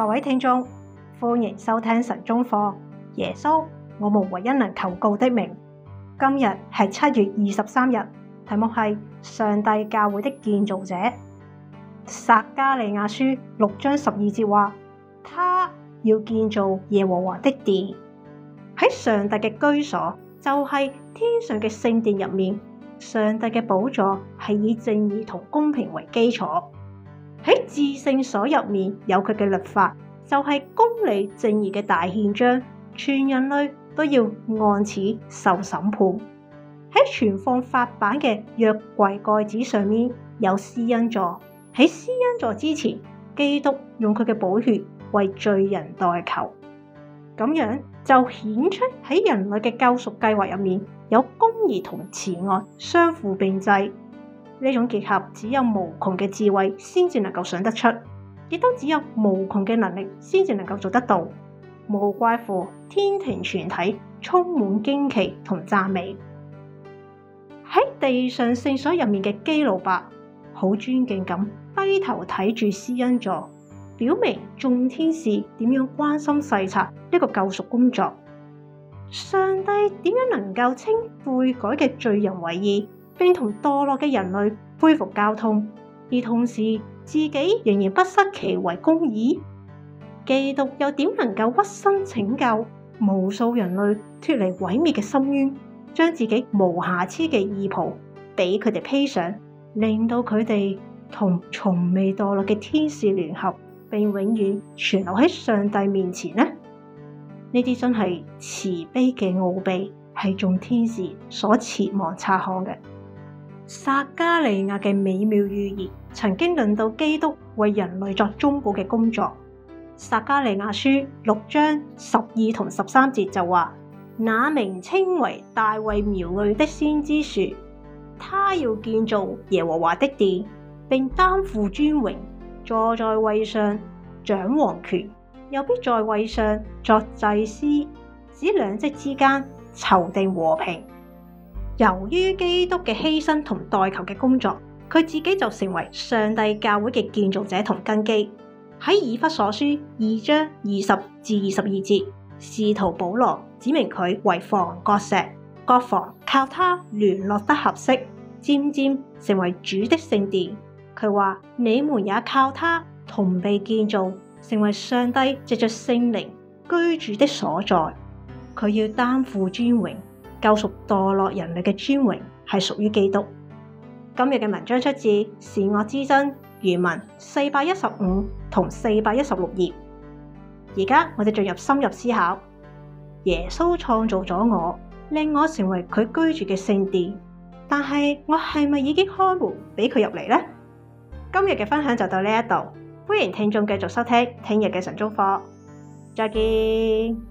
各位聽眾，歡迎收聽神中課。耶穌，我們唯一能求告的名。今日係七月二十三日，題目係上帝教會的建造者。撒迦利亞書六章十二節話，他要建造耶和華的殿。喺上帝嘅居所，就係天上嘅聖殿入面，上帝嘅寶座係以正義同公平為基礎。喺至聖所入面有佢嘅律法，就係、是、公理正義嘅大憲章，全人類都要按此受審判。喺存放法版嘅約櫃蓋子上面有施恩座，喺施恩座之前，基督用佢嘅寶血為罪人代求，咁樣就顯出喺人類嘅救贖計劃入面有公義同慈愛相輔並濟。呢種結合，只有無窮嘅智慧先至能夠想得出，亦都只有無窮嘅能力先至能夠做得到。無怪乎天庭全體充滿驚奇同讚美。喺地上聖所入面嘅基路伯，好尊敬咁低頭睇住施恩座，表明眾天使點樣關心細察呢個救贖工作。上帝點樣能夠稱悔改嘅罪人為義？並同墮落嘅人類恢復交通，而同時自己仍然不失其為公義。基督又點能夠屈身拯救無數人類脫離毀滅嘅深淵，將自己無瑕疵嘅義袍俾佢哋披上，令到佢哋同從未墮落嘅天使聯合，並永遠存留喺上帝面前呢？呢啲真係慈悲嘅奧秘，係眾天使所切望察看嘅。撒加利亞嘅美妙預言，曾經論到基督為人類作中保嘅工作。撒加利亞書六章十二同十三節就話：那名稱為大衛苗裔的先知說，他要建造耶和華的殿，並擔負尊榮，坐在位上掌王權，又必在位上作祭司，使兩職之間籌定和平。由於基督嘅犧牲同代求嘅工作，佢自己就成為上帝教會嘅建造者同根基。喺以弗所書二章二十至二十二節，使徒保羅指明佢為房角石，各房，靠他聯絡得合適，漸漸成為主的聖殿。佢話你們也靠他同被建造，成為上帝借着聖靈居住的所在。佢要擔負尊榮。救贖墮落人類嘅尊榮是屬於基督。今日嘅文章出自《善惡之爭》原文四百一十五同四百一十六頁。而家我哋進入深入思考。耶穌創造咗我，令我成為佢居住嘅聖殿，但是我係咪已經開門俾佢入嚟呢？今日嘅分享就到呢度，歡迎聽眾繼續收聽聽日嘅神祝課。再見。